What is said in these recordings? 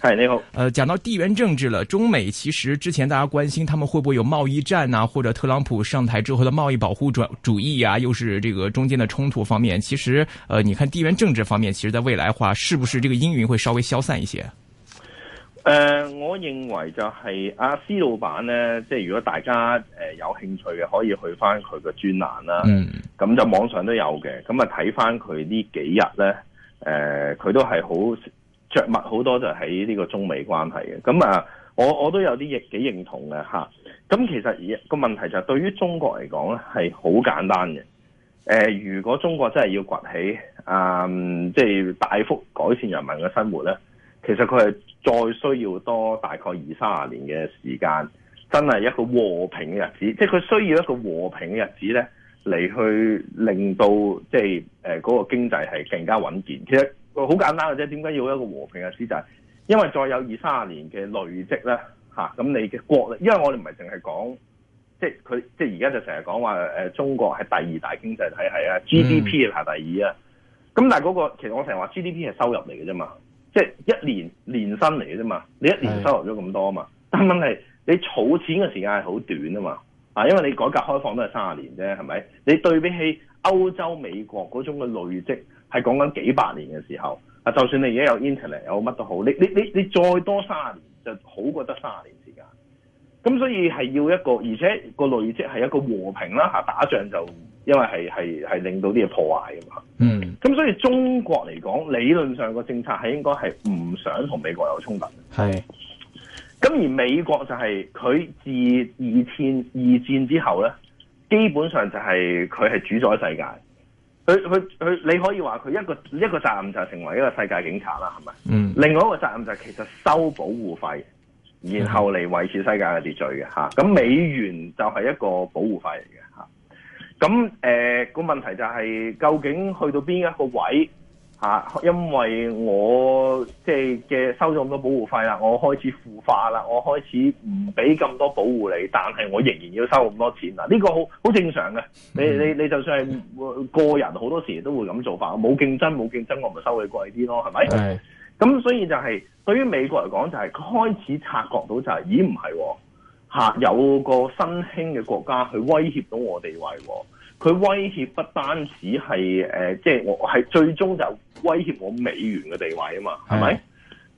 係你好，誒，講到地緣政治了，中美其實之前大家關心，他們會不會有貿易戰啊，或者特朗普上台之後的貿易保護主義啊，又是這個中間的衝突方面，其實，呃你看地緣政治方面，其實在未來話，是不是這個陰雲會稍微消散一些？誒、呃，我認為就係阿施老闆呢。即係如果大家誒、呃、有興趣嘅，可以去翻佢嘅專欄啦。嗯，咁就網上都有嘅，咁啊睇翻佢呢幾日咧，誒、呃，佢都係好。着墨好多就喺呢個中美關係嘅，咁啊，我我都有啲亦幾認同嘅吓。咁其實個問題就係對於中國嚟講咧，係好簡單嘅。呃，如果中國真係要崛起，啊，即係大幅改善人民嘅生活咧，其實佢係再需要多大概二三十年嘅時間，真係一個和平嘅日子，即係佢需要一個和平嘅日子咧，嚟去令到即係嗰個經濟係更加穩健。其好簡單嘅啫，點解要一個和平嘅資質？因為再有二三十年嘅累積咧，嚇咁你嘅國力，因為我哋唔係淨係講，即係佢即係而家就成日講話誒中國係第二大經濟體係啊，GDP 排第二啊。咁、嗯、但係、那、嗰個其實我成日話 GDP 係收入嚟嘅啫嘛，即係一年年薪嚟嘅啫嘛，你一年收入咗咁多啊嘛，但係你儲錢嘅時間係好短啊嘛，啊因為你改革開放都係三十年啫，係咪？你對比起歐洲美國嗰種嘅累積。係講緊幾百年嘅時候，啊，就算你而家有 internet 有乜都好，你你你你再多三十年就好過得三十年時間。咁所以係要一個，而且個累積係一個和平啦嚇，打仗就因為係係係令到啲嘢破壞噶嘛。嗯。咁所以中國嚟講，理論上個政策係應該係唔想同美國有衝突。咁而美國就係佢自二戰二戰之後咧，基本上就係佢係主宰世界。佢佢佢，你可以話佢一個一個責任就係成為一個世界警察啦，係咪？嗯。另外一個責任就係其實收保護費，然後嚟維持世界嘅秩序嘅吓。咁、嗯啊、美元就係一個保護費嚟嘅吓。咁誒個問題就係、是、究竟去到邊一個位？啊，因為我即係嘅收咗咁多保護費啦，我開始腐化啦，我開始唔俾咁多保護你，但係我仍然要收咁多錢啦。呢、這個好好正常嘅，你你你就算係個人，好多時都會咁做法。冇競爭，冇競爭，我咪收佢貴啲咯，係咪？係。咁所以就係、是、對於美國嚟講、就是，就係開始察覺到就係、是，咦唔係喎，吓有個新興嘅國家去威脅到我地位喎。佢威脅不單止係、呃、即係我係最終就威脅我美元嘅地位啊嘛，係咪？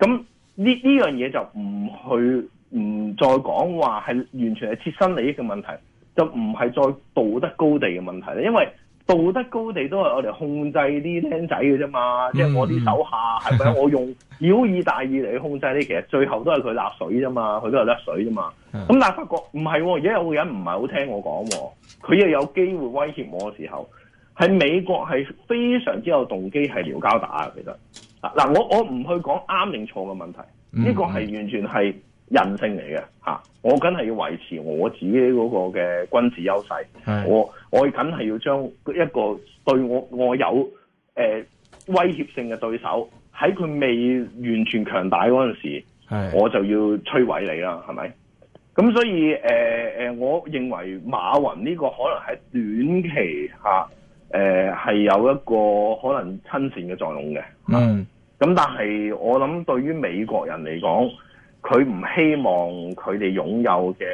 咁呢呢樣嘢就唔去唔再講話，係完全係切身利益嘅問題，就唔係再道德高地嘅問題。因為道德高地都係我哋控制啲僆仔嘅啫嘛，嗯、即係我啲手下係咪？ 我用曉以大義嚟控制啲，其實最後都係佢納水啫嘛，佢都係納水啫嘛。咁但係發覺唔係喎，而家、哦、有個人唔係好聽我講喎。佢又有機會威脅我嘅時候，喺美國係非常之有動機係撩交打嘅，其實嗱，我我唔去講啱定錯嘅問題，呢、嗯呢個係完全係人性嚟嘅吓，我梗係要維持我自己嗰個嘅軍事優勢，我我梗係要將一個對我我有誒、呃、威脅性嘅對手喺佢未完全強大嗰陣時候的，我就要摧毀你啦，係咪？咁所以，誒、呃、我認為馬雲呢個可能喺短期吓，誒、啊、係、呃、有一個可能親善嘅作用嘅。嗯。咁但係我諗，對於美國人嚟講，佢唔希望佢哋擁有嘅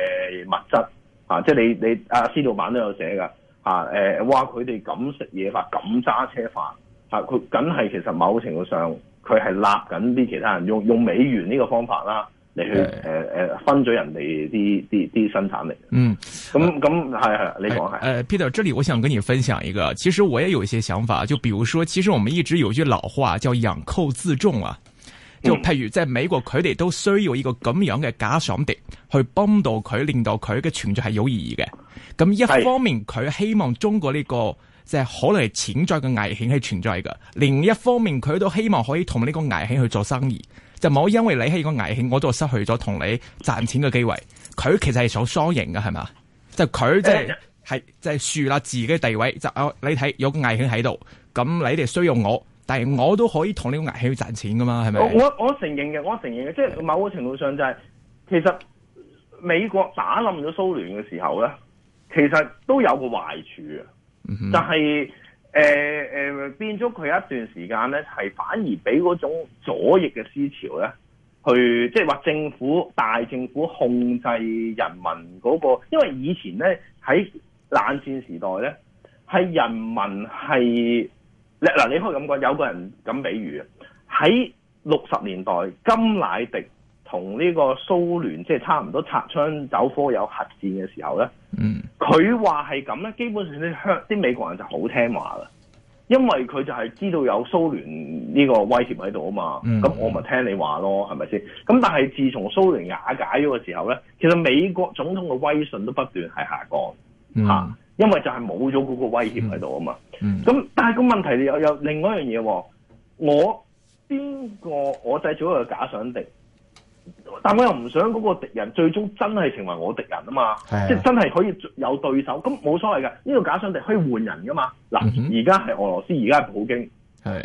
物質，啊，即係你你阿施老闆都有寫噶啊，誒話佢哋咁食嘢法，咁揸車法，啊佢梗係，其實某程度上，佢係立緊啲其他人用用美元呢個方法啦。 你去分咗人哋啲啲啲生產力。嗯，咁咁係係你講係。誒 Peter，這裡我想跟你分享一個，其實我也有一些想法。就，譬如說，其實我們一直有一句老話叫養寇自重啊。就，譬如即係美國佢哋、嗯、都需要一個咁樣嘅假想敵，去幫到佢，令到佢嘅存在係有意義嘅。咁一方面佢希望中國呢、這個即係、就是、可能潛在嘅危險係存在噶，另一方面佢都希望可以同呢個危險去做生意。就冇因為你係個危險，我都失去咗同你賺錢嘅機會。佢其實係做雙贏嘅，係嘛？就佢即係係即係樹立自己嘅地位。就哦，你睇有個危險喺度，咁你哋需要我，但係我都可以同呢個危險去賺錢噶嘛，係咪？我我承認嘅，我承認嘅，即係、就是、某個程度上就係、是、其實美國打冧咗蘇聯嘅時候咧，其實都有個壞處啊，但係、就是誒、呃、誒、呃、變咗佢一段時間咧，係反而俾嗰種左翼嘅思潮咧，去即係話政府，大政府控制人民嗰、那個，因為以前咧喺冷戰時代咧，係人民係嗱，你可以咁講，有個人咁比喻嘅，喺六十年代金乃迪。同呢個蘇聯即係差唔多，擦槍走火有核戰嘅時候咧，佢話係咁咧，基本上啲香啲美國人就好聽話啦，因為佢就係知道有蘇聯呢個威脅喺度啊嘛，咁、嗯、我咪聽你話咯，係咪先？咁但係自從蘇聯瓦解咗嘅時候呢，其實美國總統嘅威信都不斷係下降，嚇、嗯，因為就係冇咗嗰個威脅喺度啊嘛。咁、嗯嗯、但係個問題又有另外一樣嘢，我邊個我製造一個假想敵？但我又唔想嗰個敵人最終真係成為我敵人啊嘛，即係真係可以有對手咁冇所謂㗎。呢、呢個假想敵可以換人噶嘛。嗱，而家係俄羅斯，而家係普京。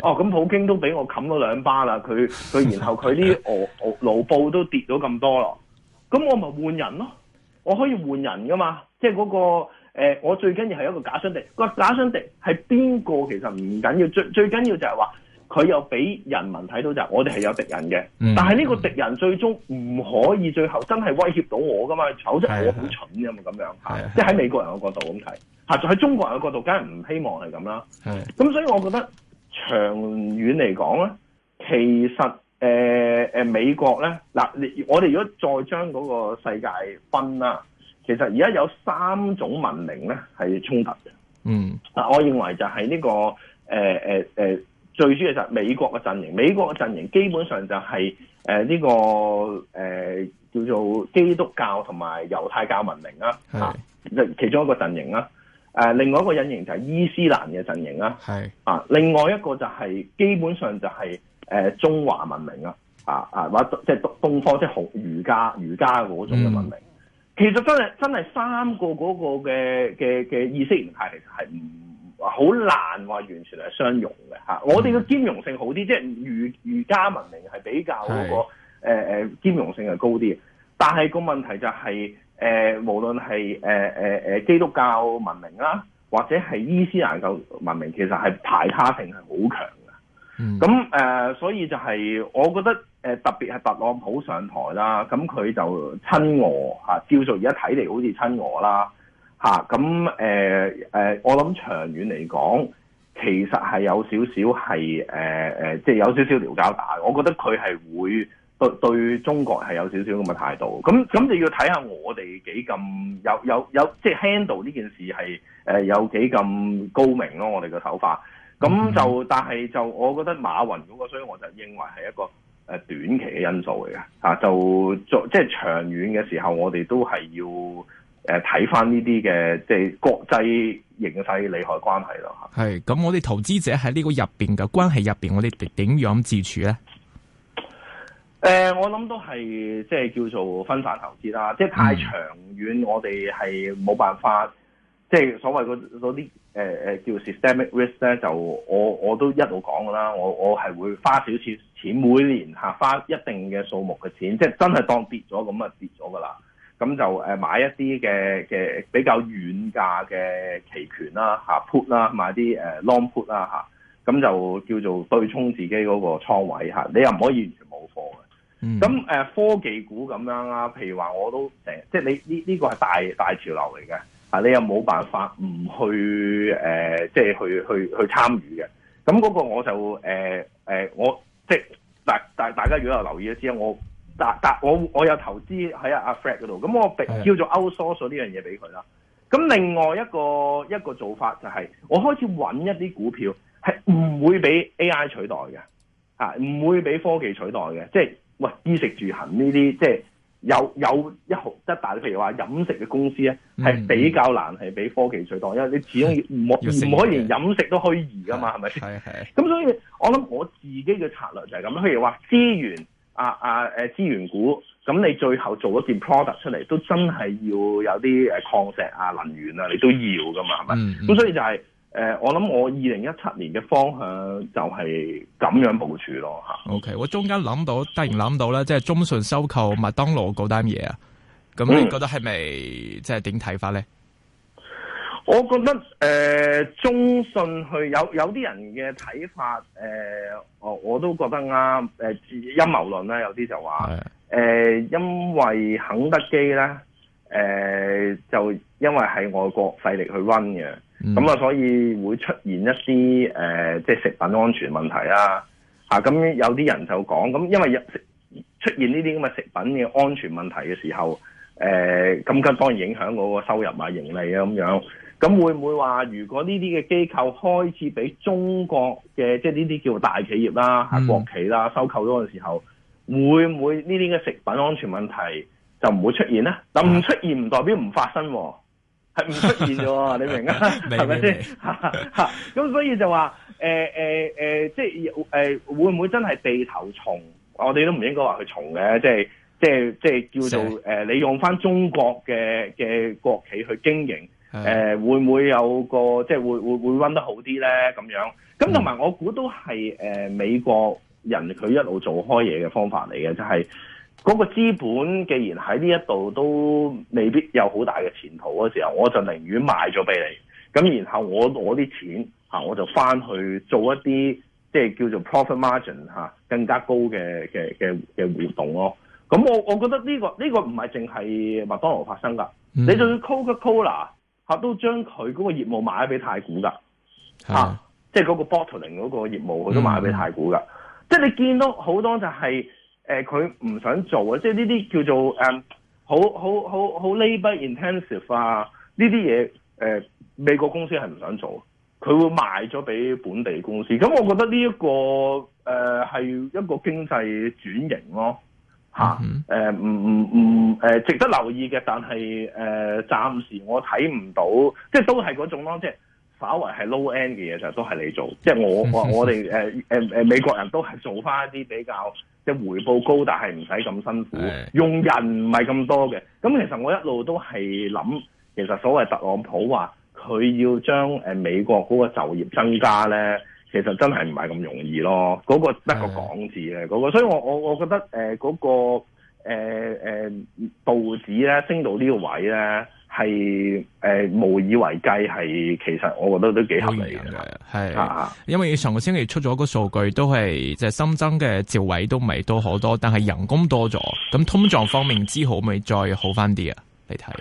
哦，咁普京都俾我冚咗兩巴啦，佢佢然後佢啲俄俄盧 布都跌咗咁多咯。咁我咪換人咯，我可以換人噶嘛。即係嗰、嗰個、呃、我最緊要係一個假想敵。個假想敵係邊個其實唔緊要，最最緊要就係話。佢又俾人民睇到就係我哋係有敵人嘅，嗯，但係呢個敵人最終唔可以最後真係威脅到我噶嘛，否則我好蠢㗎嘛咁樣。係即喺美國人嘅角度咁睇，嚇就喺中國人嘅角度，梗係唔希望係咁啦。係咁，所以我覺得長遠嚟講咧，其實誒、呃、美國咧、嗱、呃，我哋如果再將嗰個世界分啦，啊，其實而家有三種文明咧係衝突嘅。嗯，嗱，我認為就係呢、呢個誒誒、呃呃呃最主要就係美國嘅陣營，美國嘅陣營基本上就係誒呢個誒、呃、叫做基督教同埋猶太教文明啦，係、啊，其中一個陣營啦。誒、啊、另外一個隱形就係伊斯蘭嘅陣營啦，係。啊，另外一個就係、是、基本上就係、是、誒、呃、中華文明啦，啊啊或者、啊、即東方即好儒家儒家嗰種嘅文明、嗯，其實真係真係三個嗰個嘅嘅嘅意識形態其實係唔，好難話完全係相容嘅嚇，我哋嘅兼容性好啲，即係儒儒家文明係比較個誒誒兼容性係高啲，但係個問題就係、是、誒、呃、無論係誒誒誒基督教文明啦，或者係伊斯蘭教文明，其實係排他性係好強嘅。咁、嗯、誒、呃，所以就係、是、我覺得誒特別係特朗普上台啦，咁佢就親俄嚇，叫做而家睇嚟好似親俄啦。嚇咁誒誒，我諗長遠嚟講，其實係有少少係誒誒，即係有少少撩交打。我覺得佢係會對對中國係有少少咁嘅態度。咁咁就要睇下我哋幾咁有有有，即係 handle 呢件事係誒、呃、有幾咁高明咯。我哋嘅手法咁就，但係就我覺得馬雲嗰、那個，所以我就認為係一個誒短期嘅因素嚟嘅嚇。就做即係長遠嘅時候，我哋都係要。誒、呃，睇翻呢啲嘅即係國際形勢利害關係咯吓。係，咁我哋投資者喺呢個入邊嘅關係入邊，我哋點樣自處咧？誒、呃，我諗都係即係叫做分散投資啦。即係太長遠、嗯，我哋係冇辦法。即係所謂嗰啲誒誒叫 systemic risk 咧，就我我都一路講噶啦。我我係會花少少錢，每年吓花一定嘅數目嘅錢，即係真係當跌咗咁啊跌咗噶啦。咁就誒買一啲嘅嘅比較遠價嘅期權啦，嚇 put 啦買啲誒 long put 啦嚇，咁就叫做對沖自己嗰個倉位嚇。你又唔可以完全冇貨嘅。咁、嗯、誒科技股咁樣啦，譬如話我都誒，即係你呢呢、呢個係大大潮流嚟嘅嚇，你又冇辦法唔去誒、呃，即係去去去，去參與嘅。咁嗰個我就誒誒、呃呃，我即係大大大家如果有留意嘅，知我。但但我我有投資喺阿阿 Fred 嗰度，咁我俾叫做 outsource 呢樣嘢俾佢啦。咁另外一個一個做法就係，我開始揾一啲股票係唔會俾 AI 取代嘅，唔會俾科技取代嘅。即係喂，衣食住行呢啲即係有有一毫一，但係譬如話飲食嘅公司咧，係比較難係俾科技取代，嗯嗯因為你始終唔可唔可以連飲食都虛擬噶嘛，係咪？係咁所以我諗我自己嘅策略就係咁，譬如話資源。啊啊誒資源股，咁你最後做一件 product 出嚟，都真係要有啲誒礦石啊、能源啊，你都要噶嘛，係、嗯、咪？咁、嗯、所以就係、是、誒、呃，我諗我二零一七年嘅方向就係咁樣部署咯嚇。OK，我中間諗到突然諗到咧，即係中信收購麥當勞嗰單嘢啊，咁你覺得係咪、嗯、即係點睇法咧？我覺得誒、呃、中信佢有有啲人嘅睇法誒，我、呃、我都覺得啱、啊、誒、呃、陰謀論啦、啊、有啲就話誒、呃，因為肯德基咧誒、呃、就因為喺外國勢力去溫嘅，咁、嗯、啊所以會出現一啲誒、呃、即係食品安全問題啦嚇，咁有啲人就講咁，因為出現呢啲咁嘅食品嘅安全問題嘅時候誒，咁、呃、跟當然影響嗰個收入啊盈利啊咁樣。咁會唔會話，如果呢啲嘅機構開始俾中國嘅，即係呢啲叫大企業啦、國企啦收購咗嘅時候，嗯、會唔會呢啲嘅食品安全問題就唔會出現咧？但唔出現唔代表唔發生、啊，係、啊、唔出現咗， 你明啊白？係咪先？咁 所以就話，誒誒誒，即係誒、呃、會唔會真係地頭蟲？我哋都唔應該話佢蟲嘅，即係即係即叫做、呃、你用返中國嘅嘅國企去經營。誒、呃、會唔會有個即係會會會温得好啲咧咁樣？咁同埋我估都係誒、呃、美國人佢一路做開嘢嘅方法嚟嘅，就係、是、嗰個資本既然喺呢一度都未必有好大嘅前途嘅時候，我就寧願賣咗俾你，咁然後我攞啲錢我就翻去做一啲即係叫做 profit margin、啊、更加高嘅嘅嘅嘅活動咯、哦。咁我我覺得呢、這個呢、這個唔係淨係麥當勞發生㗎，嗯、你仲要 Coca-Cola。都將佢嗰個業務賣咗俾太古㗎，嚇、啊啊、即係嗰個 bottling 嗰個業務，佢、嗯、都賣咗俾太古㗎、嗯。即係你見到好多就係誒、佢唔想做啊！即係呢啲叫做誒、um,，好好好好 labour intensive 啊，呢啲嘢誒、美國公司係唔想做，佢會賣咗俾本地公司。咁我覺得呢、這、一個誒係、呃、一個經濟轉型咯。嚇、啊，誒唔唔唔，值得留意嘅，但係誒、呃、暫時我睇唔到，即係都係嗰種咯，即係稍為係 low end 嘅嘢就都係你做， 即係我我我哋誒、呃呃呃、美國人都係做翻一啲比較即係回報高，但係唔使咁辛苦， 用人唔係咁多嘅。咁其實我一路都係諗，其實所謂特朗普話佢要將美國嗰個就業增加咧。其實真係唔係咁容易咯，嗰、那個得個講字咧，嗰、那個，所以我我我覺得，誒、呃，嗰、那個，誒、呃、誒，道指咧升到呢個位咧，係誒、呃、無以為繼，係其實我覺得都幾合理嘅，係啊，因為上個星期出咗個數據，都係即係新增嘅兆位都唔係多好多，但係人工多咗，咁通脹方面之後可唔可以再好翻啲啊？你睇，誒、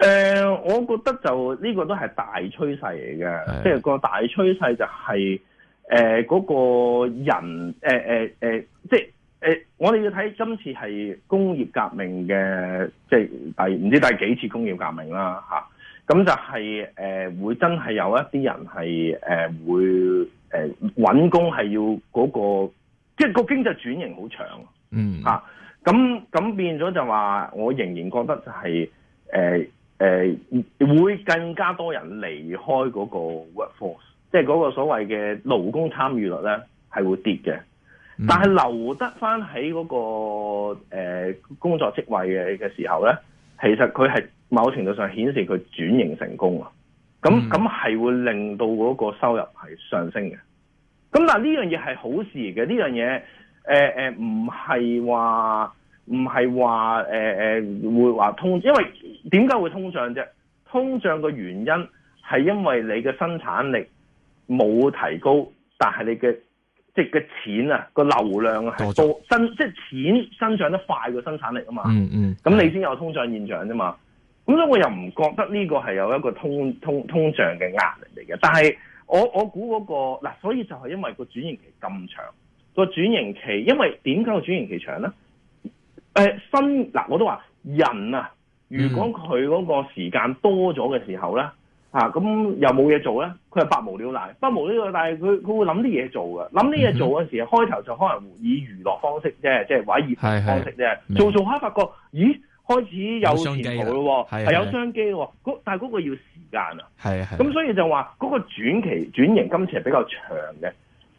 呃，我覺得就呢、這個都係大趨勢嚟嘅，即係個大趨勢就係、是。誒、呃，嗰、那個人，誒誒誒，即係誒、呃，我哋要睇今次係工業革命嘅，即係第唔知第幾次工業革命啦，吓、啊，咁就係、是、誒、呃，會真係有一啲人係誒、呃、會誒搵、呃、工係要嗰、那個，即係個經濟轉型好長，啊、嗯、啊，吓，咁咁變咗就話，我仍然覺得就係誒誒，會更加多人離開嗰個 workforce。即係嗰個所謂嘅勞工參與率咧，係會跌嘅。但係留得翻喺嗰個、呃、工作職位嘅嘅時候咧，其實佢係某程度上顯示佢轉型成功啊。咁咁係會令到嗰個收入係上升嘅。咁但係呢樣嘢係好事嘅。呢樣嘢誒誒唔係話唔係話誒誒會話通，因為點解會通脹啫？通脹嘅原因係因為你嘅生產力。冇提高，但係你嘅即係嘅錢啊個流量係多，多即係錢增長得快過生產力啊嘛，嗯嗯，咁你先有通脹現象啫嘛，咁所以我又唔覺得呢個係有一個通通通脹嘅壓力嚟嘅，但係我我估嗰、嗰個嗱，所以就係因為個轉型期咁長，個轉型期因為點解個轉型期長咧？誒、呃，新嗱我都話人啊，如果佢嗰個時間多咗嘅時候咧。嗯呢啊，咁又冇嘢做咧，佢係百無聊賴，百無呢個但係佢佢會諗啲嘢做嘅，諗啲嘢做嗰時候，嗯，開頭就可能以娛樂方式啫，即係玩業方式啫，做做下發覺，咦，開始有前途咯，係有商機咯，咁但係嗰個要時間啊，係係，咁所以就話嗰、嗰個轉期轉型，今次係比較長嘅，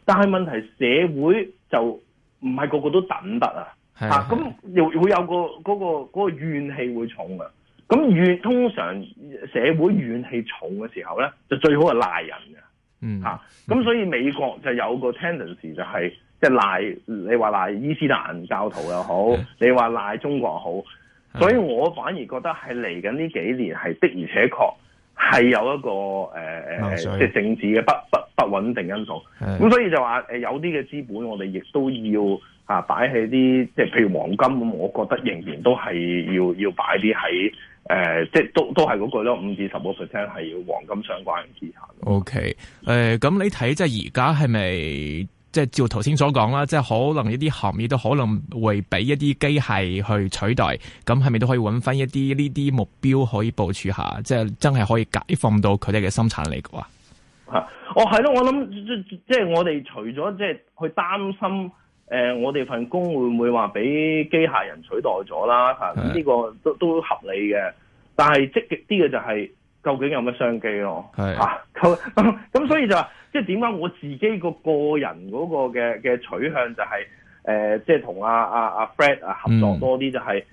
但係問題社會就唔係個個都等得啊，啊，咁又會有個嗰、嗰個嗰、嗰個怨氣會重嘅。咁怨通常社會怨氣重嘅時候咧，就最好係賴人嘅，嗯吓，咁、啊、所以美國就有個 tendency 就係即係賴你話賴伊斯蘭教徒又好，嗯、你話賴中國又好。所以我反而覺得係嚟緊呢幾年係的而且確係有一個誒誒、呃、即係政治嘅不不。不穩定因素，咁所以就話誒有啲嘅資本，我哋亦都要嚇擺喺啲，即係譬如黃金咁，我覺得仍然都係要要擺啲喺誒，即係都都係嗰個咯，五至十個 percent 係要黃金相關嘅資產的。OK，誒咁你睇即係而家係咪即係照頭先所講啦，即係可能一啲行業都可能會俾一啲機械去取代，咁係咪都可以揾翻一啲呢啲目標可以部署下，即係真係可以解放到佢哋嘅生產力嘅嚇！哦，係咯，我諗即係我哋除咗即係去擔心誒、呃，我哋份工會唔會話俾機械人取代咗啦？嚇、啊！咁呢個都都合理嘅，但係積極啲嘅就係究竟有乜商機咯？係嚇、啊！咁、啊、所以就話即係點解我自己個個人嗰個嘅嘅取向就係、是、誒、呃，即係同阿阿阿 Fred 啊合作多啲就係、是。嗯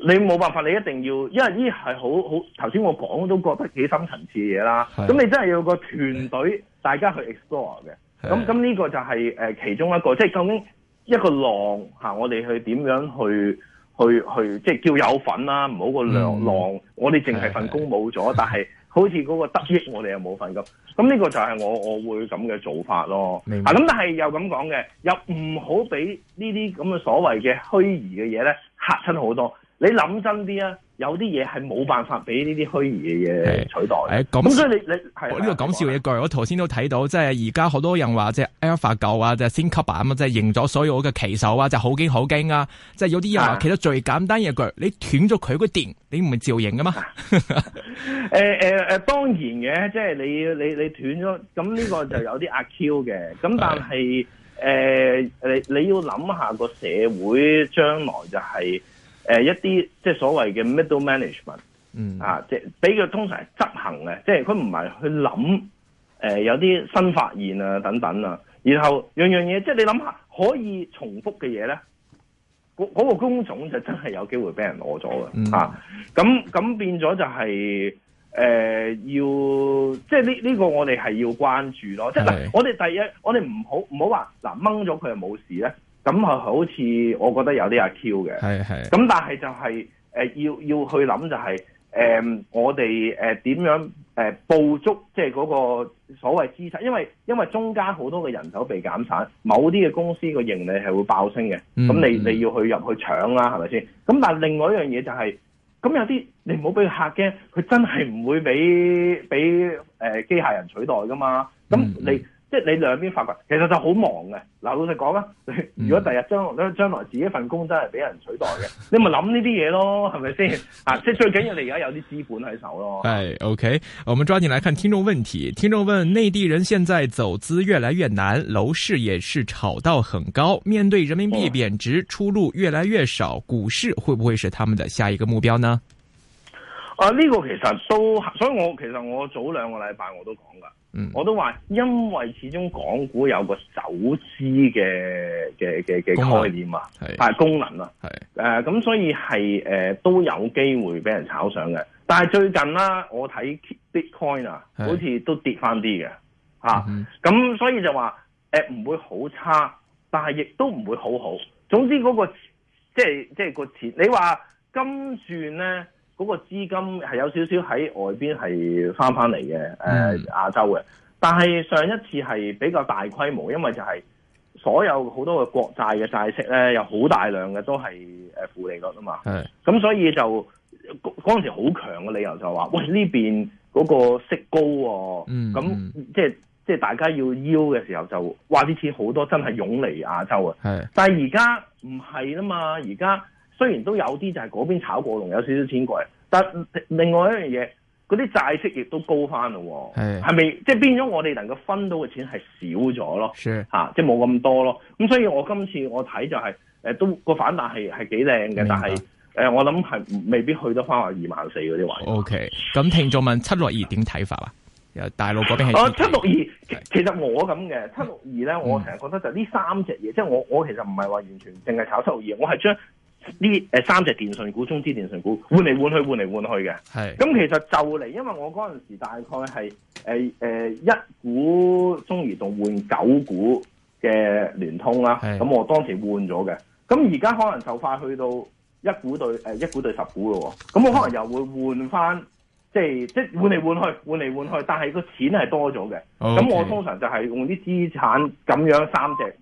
你冇辦法，你一定要，因為呢係好好頭先我講都覺得幾深層次嘢啦。咁你真係要個團隊，大家去 explore 嘅。咁咁呢個就係、是呃、其中一個，即係究竟一個浪、啊、我哋去點樣去去去，即係叫有份啦，唔好個浪浪、嗯。我哋淨係份工冇咗，但係好似嗰個得益我個我，我哋又冇份咁。咁呢個就係我我會咁嘅做法咯。咁、啊、但係又咁講嘅，又唔好俾呢啲咁嘅所謂嘅虛擬嘅嘢咧嚇親好多。你諗真啲啊！有啲嘢係冇辦法俾呢啲虛擬嘅嘢取代。係咁，哎、所以你你係呢、哦這個講笑嘅句。我頭先都睇到，即係而家好多人話，即係 Alpha Go 啊，即係先級版啊，即係贏咗所有嘅棋手啊，就好驚好驚啊！即係有啲人話，其實最簡單嘅句，你斷咗佢個電，你唔係照贏噶嘛？誒誒誒，當然嘅，即係你你你斷咗，咁呢個就有啲阿 Q 嘅。咁但係誒、哎哎、你要諗下個社會將來就係。誒、呃，一啲即係所謂嘅 middle management，嗯啊，即係俾佢通常係執行嘅，即係佢唔係去諗，誒、呃，有啲新發現啊，等等啊，然後樣樣嘢，即係你諗下可以重複嘅嘢咧，嗰、嗰個工種就真係有機會俾人攞咗嘅，吓、嗯，咁、啊、咁變咗就係、是、誒、呃，要即係呢呢個我哋係要關注咯，即係嗱，我哋第一，我哋唔好唔好話嗱掹咗佢係冇事咧。咁啊，好似我覺得有啲阿 Q 嘅，係係，咁但係就係、是呃、要要去諗就係、是、誒、呃，我哋誒點樣誒捕捉，即係嗰個所謂資產，因為因為中間好多嘅人手被減產，某啲嘅公司個盈利係會爆升嘅。咁你你要去入去搶啦、啊，係咪先？咁但另外一樣嘢就係、是，咁有啲你唔好俾客驚，佢真係唔會俾俾誒機械人取代㗎嘛。咁你。嗯嗯即係你兩邊發掘，其實就好忙嘅。嗱，老實講啦，如果第日將來，嗯、將來自己份工真係俾人取代嘅，你咪諗呢啲嘢咯，係咪先啊？ 即係最緊要你而家有啲資本喺手咯。誒、hey，OK，我們抓緊嚟，看聽眾問題。聽眾問，內地人現在走資越來越難，樓市也是炒到很高，面對人民幣貶值，出路越來越少，股市會不會是他們的下一個目標呢？啊！呢、這個其實都，所以我其實我早兩個禮拜我都講噶、嗯，我都話因為始終港股有個走資嘅嘅嘅嘅概念啊，係功能啊，咁，所以係誒、呃、都有機會俾人炒上嘅。但係最近啦，我睇 Bitcoin 啊，好似都跌翻啲嘅吓，咁所以就話誒唔會好差，但係亦都唔會好好。總之嗰、那個即係即係個錢你話金算咧？嗰、那個資金係有少少喺外邊係返返嚟嘅，誒、嗯呃、亞洲嘅，但係上一次係比較大規模，因為就係所有好多嘅國債嘅債息咧，有好大量嘅都係誒負利率啊嘛，咁所以就嗰陣時好強嘅理由就話、是，喂呢邊嗰個息高、哦，咁、嗯、即係即係大家要 yield 嘅時候就，哇啲錢好多，真係湧嚟亞洲啊，但係而家唔係啦嘛，而家雖然都有啲就係嗰邊炒過龍，有少少錢過嚟。但另外一樣嘢，嗰啲債息亦都高翻嘞喎，係咪即係變咗我哋能夠分到嘅錢係少咗咯？係、吓、即係冇咁多咯。咁所以我今次我睇就係、係、誒都個反彈係係幾靚嘅，但係誒、呃、我諗係未必去得翻話二萬四嗰啲位。O K，咁聽眾問七六二點睇法啊？由大陸嗰邊係哦七六二，其實我咁嘅七六二咧，我成日覺得就呢三隻嘢、嗯，即係我我其實唔係話完全淨係炒七六二，我係將。呢誒、呃、三隻電信股、中資電信股換嚟換去、換嚟換去嘅，係咁其實就嚟，因為我嗰陣時大概係誒誒一股中移動換九股嘅聯通啦，咁我當時換咗嘅，咁而家可能就快去到一股對誒、呃、一股對十股咯，咁我可能又會換翻、oh. 即係即係換嚟換去、換嚟換去，但係個錢係多咗嘅，咁、okay. 我通常就係用啲資產咁樣三隻。